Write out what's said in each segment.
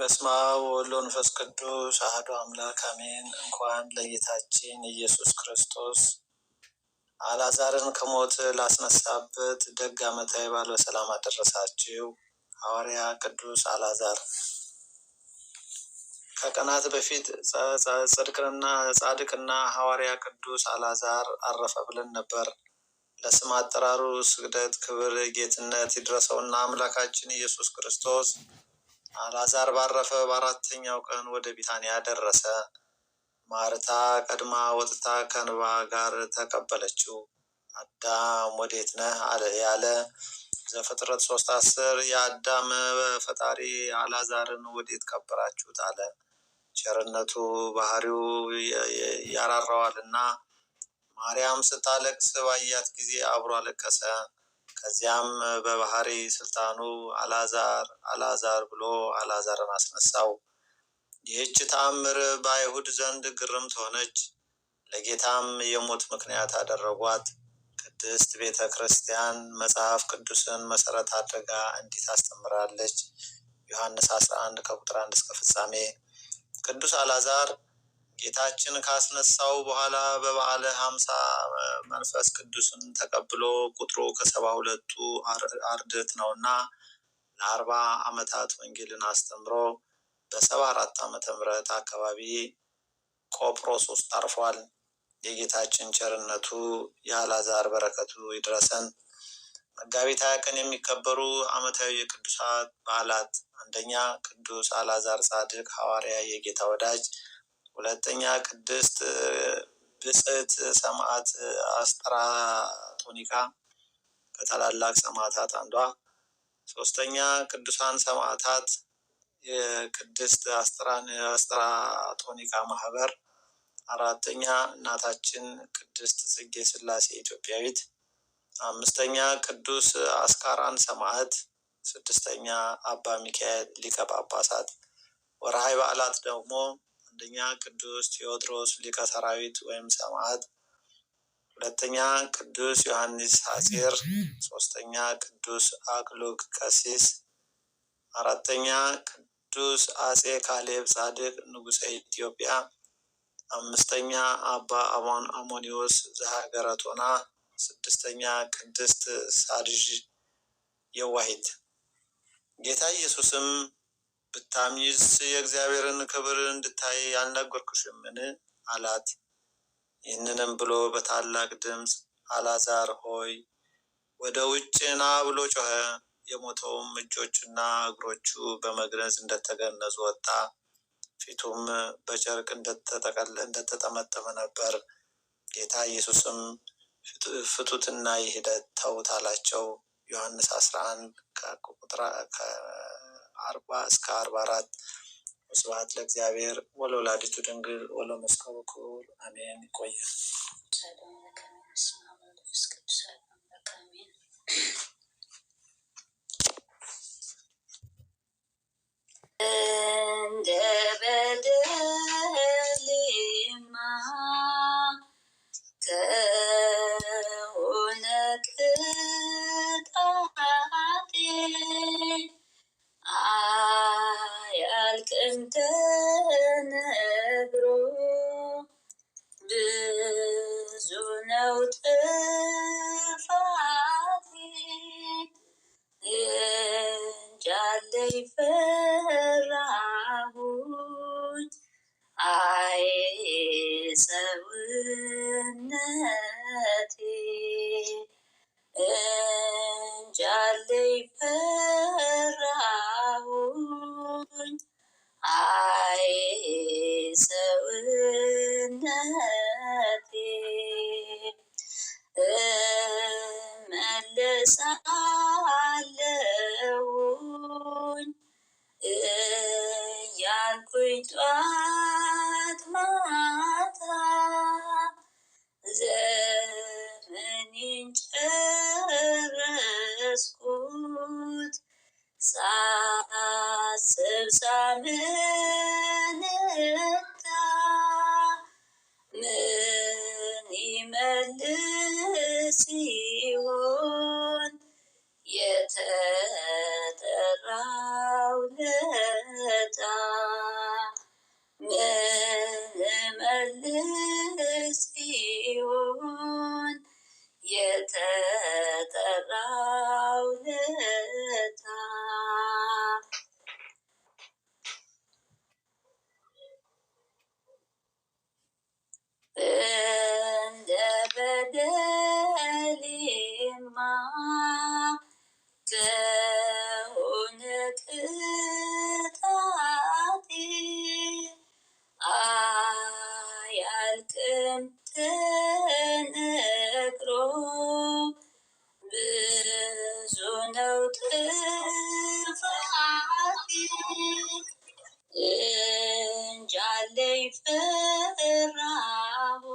በስመ አብ ወወልድ ወመንፈስ ቅዱስ አሐዱ አምላክ አሜን። እንኳን ለጌታችን ኢየሱስ ክርስቶስ አልዓዛርን ከሞት ላስነሳበት ደግ ዓመታዊ በዓል በሰላም አደረሳችሁ። ሐዋርያ ቅዱስ አልዓዛር ከቀናት በፊት ጽድቅንና ጻድቅና ሐዋርያ ቅዱስ አልዓዛር አረፈ ብለን ነበር። ለስም አጠራሩ ስግደት፣ ክብር፣ ጌትነት ይድረሰውና አምላካችን ኢየሱስ ክርስቶስ አላዛር ባረፈ በአራተኛው ቀን ወደ ቢታንያ ደረሰ። ማርታ ቀድማ ወጥታ ከንባ ጋር ተቀበለችው። አዳም ወዴት ነህ ያለ ዘፍጥረት ሶስት አስር የአዳም ፈጣሪ አላዛርን ወዴት ቀበራችሁት አለ። ቸርነቱ ባህሪው ያራራዋል እና ማርያም ስታለቅስ ባያት ጊዜ አብሮ አለቀሰ። ከዚያም በባህሪ ስልጣኑ አላዛር አላዛር ብሎ አላዛርን አስነሳው። ይህች ተአምር በአይሁድ ዘንድ ግርምት ሆነች። ለጌታም የሞት ምክንያት አደረጓት። ቅድስት ቤተ ክርስቲያን መጽሐፍ ቅዱስን መሰረት አድርጋ እንዲህ ታስተምራለች። ዮሐንስ 11 ከቁጥር 1 እስከ ፍጻሜ ቅዱስ አላዛር ጌታችን ካስነሳው በኋላ በበዓለ ሀምሳ መንፈስ ቅዱስን ተቀብሎ ቁጥሩ ከሰባ ሁለቱ አርድት ነውና ለአርባ ዓመታት ወንጌልን አስተምሮ በሰባ አራት ዓመተ ምህረት አካባቢ ቆጵሮስ ውስጥ አርፏል። የጌታችን ቸርነቱ የአላዛር በረከቱ ይድረሰን። መጋቢት ቀን የሚከበሩ ዓመታዊ የቅዱሳት በዓላት አንደኛ ቅዱስ አላዛር ጻድቅ ሐዋርያ የጌታ ወዳጅ ሁለተኛ ቅድስት ብጽዕት ሰማዕት አስጠራቶኒካ ከታላላቅ ሰማዕታት አንዷ። ሶስተኛ ቅዱሳን ሰማዕታት የቅድስት አስጠራቶኒካ ማህበር። አራተኛ እናታችን ቅድስት ጽጌ ስላሴ ኢትዮጵያዊት። አምስተኛ ቅዱስ አስካራን ሰማዕት። ስድስተኛ አባ ሚካኤል ሊቀ ጳጳሳት። ወርሃዊ በዓላት ደግሞ አንደኛ ቅዱስ ቴዎድሮስ ሊቀ ሰራዊት ወይም ሰማዕት፣ ሁለተኛ ቅዱስ ዮሐንስ ሐፂር፣ ሶስተኛ ቅዱስ አክሉግ ቀሲስ፣ አራተኛ ቅዱስ አጼ ካሌብ ጻድቅ ንጉሰ ኢትዮጵያ፣ አምስተኛ አባ አሞን አሞኒዎስ ዘሀገረ ቶና፣ ስድስተኛ ቅድስት ሳድዥ የዋሂት ጌታ ኢየሱስም ብታምኝስ የእግዚአብሔርን ክብር እንድታይ አልነገርኩሽምን? አላት። ይህንንም ብሎ በታላቅ ድምፅ አላዛር ሆይ ወደ ውጭ ና ብሎ ጮኸ። የሞተውም እጆቹና እግሮቹ በመግነዝ እንደተገነዙ ወጣ። ፊቱም በጨርቅ እንደተጠመጠመ ነበር። ጌታ ኢየሱስም ፍቱትና ይሂድ ተዉት አላቸው። ዮሐንስ አስራ ከቁጥር አርባ እስከ አርባ አራት ስብሐት ለእግዚአብሔር ወለወላዲቱ ድንግል ወለመስቀሉ ክቡር አሜን። ይቆያል። since I'm in it. ነው ጥፋቴ እንጂ አለኝ ፈራሁኝ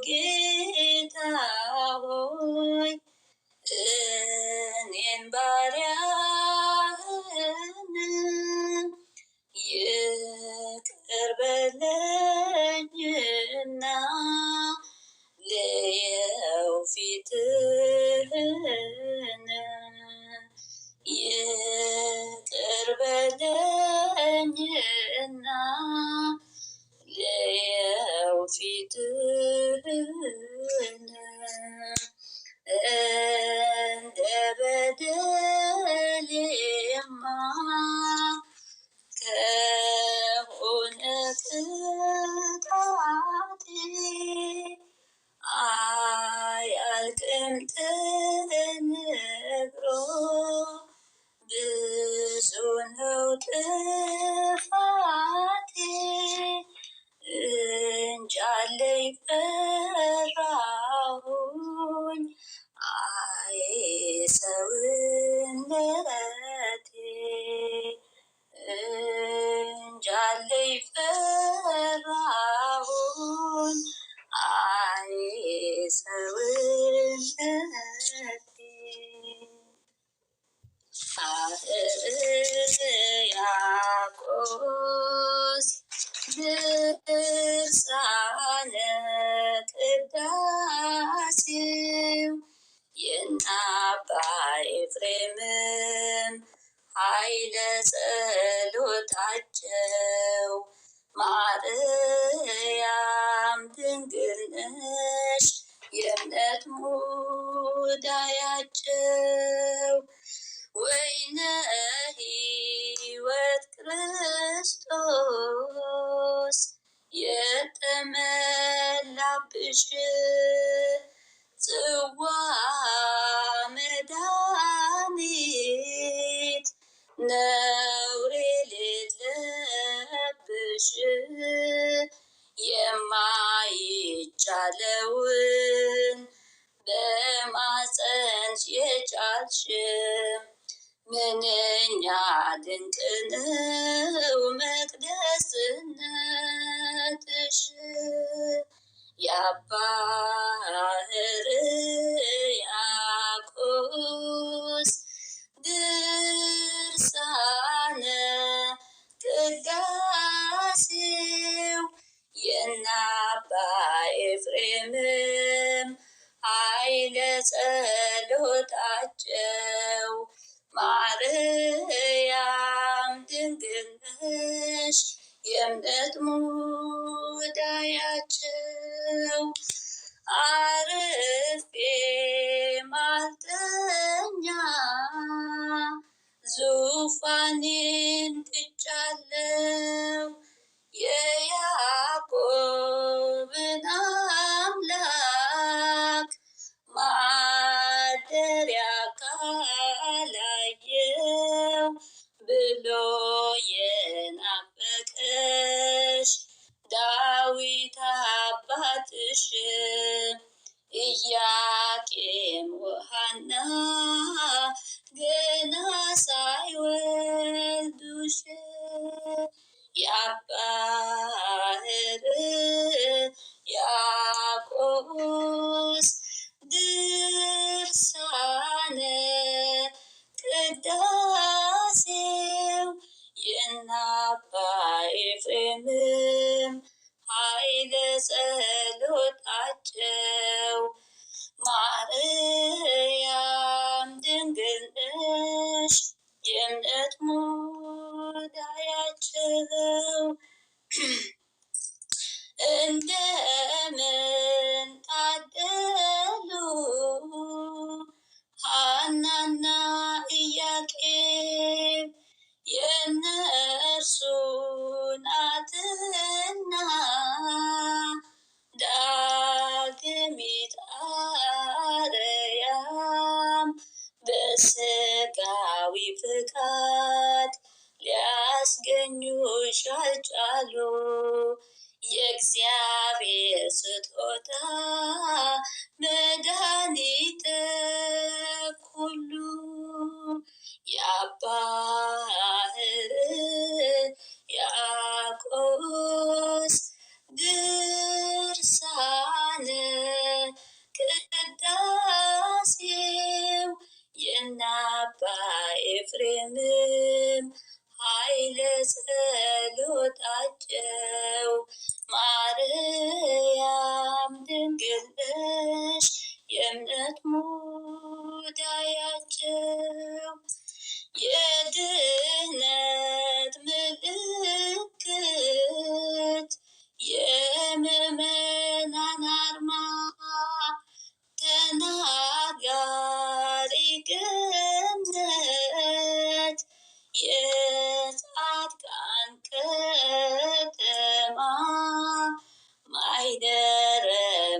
get tired. ጫለ ይፈራሁኝ አይ ሰውነቴ እንጃለ ይፈራሁኝ አይ ሰውነቴ ያቆስ ድርሳ አባ ኃይለ ጸሎታቸው ማርያም ድንግልነሽ የእምነት ሙዳያቸው ወይነ ሕይወት ክርስቶስ የተመላብሽ አልቻልሽም። ምንኛ ድንቅ ነው መቅደስነትሽ የአባ በጸሎታቸው ማርያም ድንግል የእምነት ሙዳያቸው አርፌ ማልተኛ ዙፋኔን ትቻለ Yapa አባ ሕርያቆስ ድርሳነ ቅዳሴው የናባ ኤፍሬምም ኃይለ ጸሎታቸው ማርያም ድንግል ነሽ የእምነት ሙ የድህነት ምልክት የምዕመናን አርማ ተናጋሪ ገነት የጻድቃን ከተማ ማኅደረ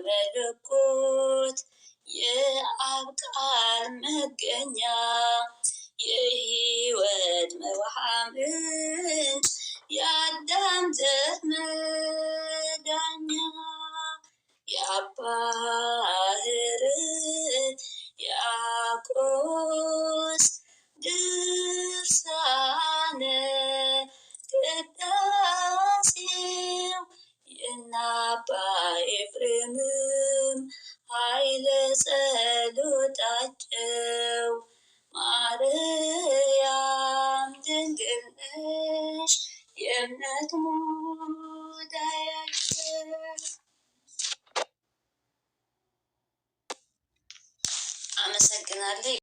መለኮት የአብ ቃል መገኛ የህይወት መውሃ ምንጭ የአዳም ዘር መዳኛ የአባህር ያቆስ ድርሳነ ቅዳሴው የናባ ኤፍሬምም ኃይለ ጸሎታቸው